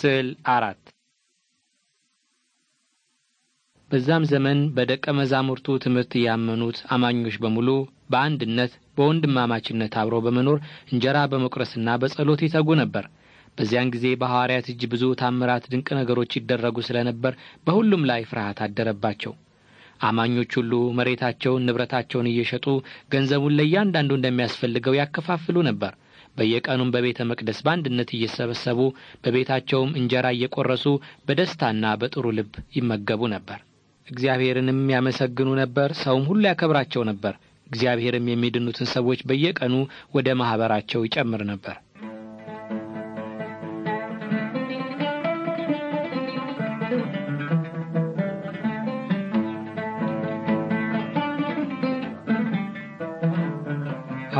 ስዕል አራት በዛም ዘመን በደቀ መዛሙርቱ ትምህርት ያመኑት አማኞች በሙሉ በአንድነት በወንድማማችነት አብረው በመኖር እንጀራ በመቁረስና በጸሎት ይተጉ ነበር። በዚያን ጊዜ በሐዋርያት እጅ ብዙ ታምራት፣ ድንቅ ነገሮች ይደረጉ ስለነበር በሁሉም ላይ ፍርሃት አደረባቸው። አማኞች ሁሉ መሬታቸውን፣ ንብረታቸውን እየሸጡ ገንዘቡን ለእያንዳንዱ እንደሚያስፈልገው ያከፋፍሉ ነበር። በየቀኑም በቤተ መቅደስ በአንድነት እየሰበሰቡ በቤታቸውም እንጀራ እየቆረሱ በደስታና በጥሩ ልብ ይመገቡ ነበር። እግዚአብሔርንም ያመሰግኑ ነበር፣ ሰውም ሁሉ ያከብራቸው ነበር። እግዚአብሔርም የሚድኑትን ሰዎች በየቀኑ ወደ ማኅበራቸው ይጨምር ነበር።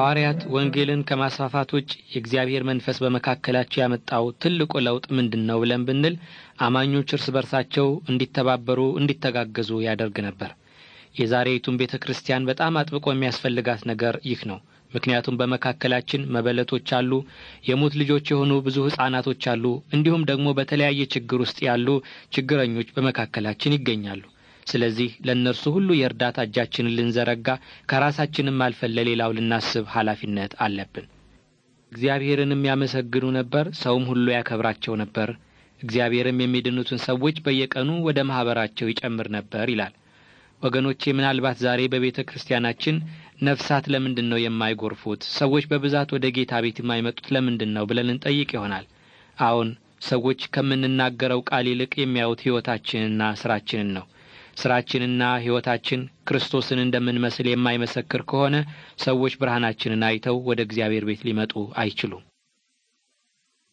ሐዋርያት ወንጌልን ከማስፋፋት ውጭ የእግዚአብሔር መንፈስ በመካከላቸው ያመጣው ትልቁ ለውጥ ምንድን ነው ብለን ብንል አማኞች እርስ በርሳቸው እንዲተባበሩ፣ እንዲተጋገዙ ያደርግ ነበር። የዛሬይቱን ቤተ ክርስቲያን በጣም አጥብቆ የሚያስፈልጋት ነገር ይህ ነው። ምክንያቱም በመካከላችን መበለቶች አሉ፣ የሙት ልጆች የሆኑ ብዙ ሕፃናቶች አሉ፣ እንዲሁም ደግሞ በተለያየ ችግር ውስጥ ያሉ ችግረኞች በመካከላችን ይገኛሉ። ስለዚህ ለእነርሱ ሁሉ የእርዳታ እጃችንን ልንዘረጋ ከራሳችንም አልፈን ለሌላው ልናስብ ኃላፊነት አለብን። እግዚአብሔርንም ያመሰግኑ ነበር፣ ሰውም ሁሉ ያከብራቸው ነበር። እግዚአብሔርም የሚድኑትን ሰዎች በየቀኑ ወደ ማኅበራቸው ይጨምር ነበር ይላል። ወገኖቼ ምናልባት ዛሬ በቤተ ክርስቲያናችን ነፍሳት ለምንድን ነው የማይጎርፉት? ሰዎች በብዛት ወደ ጌታ ቤት የማይመጡት ለምንድን ነው ብለን እንጠይቅ ይሆናል። አዎን ሰዎች ከምንናገረው ቃል ይልቅ የሚያዩት ሕይወታችንና ሥራችንን ነው። ሥራችንና ሕይወታችን ክርስቶስን እንደምንመስል የማይመሰክር ከሆነ ሰዎች ብርሃናችንን አይተው ወደ እግዚአብሔር ቤት ሊመጡ አይችሉም።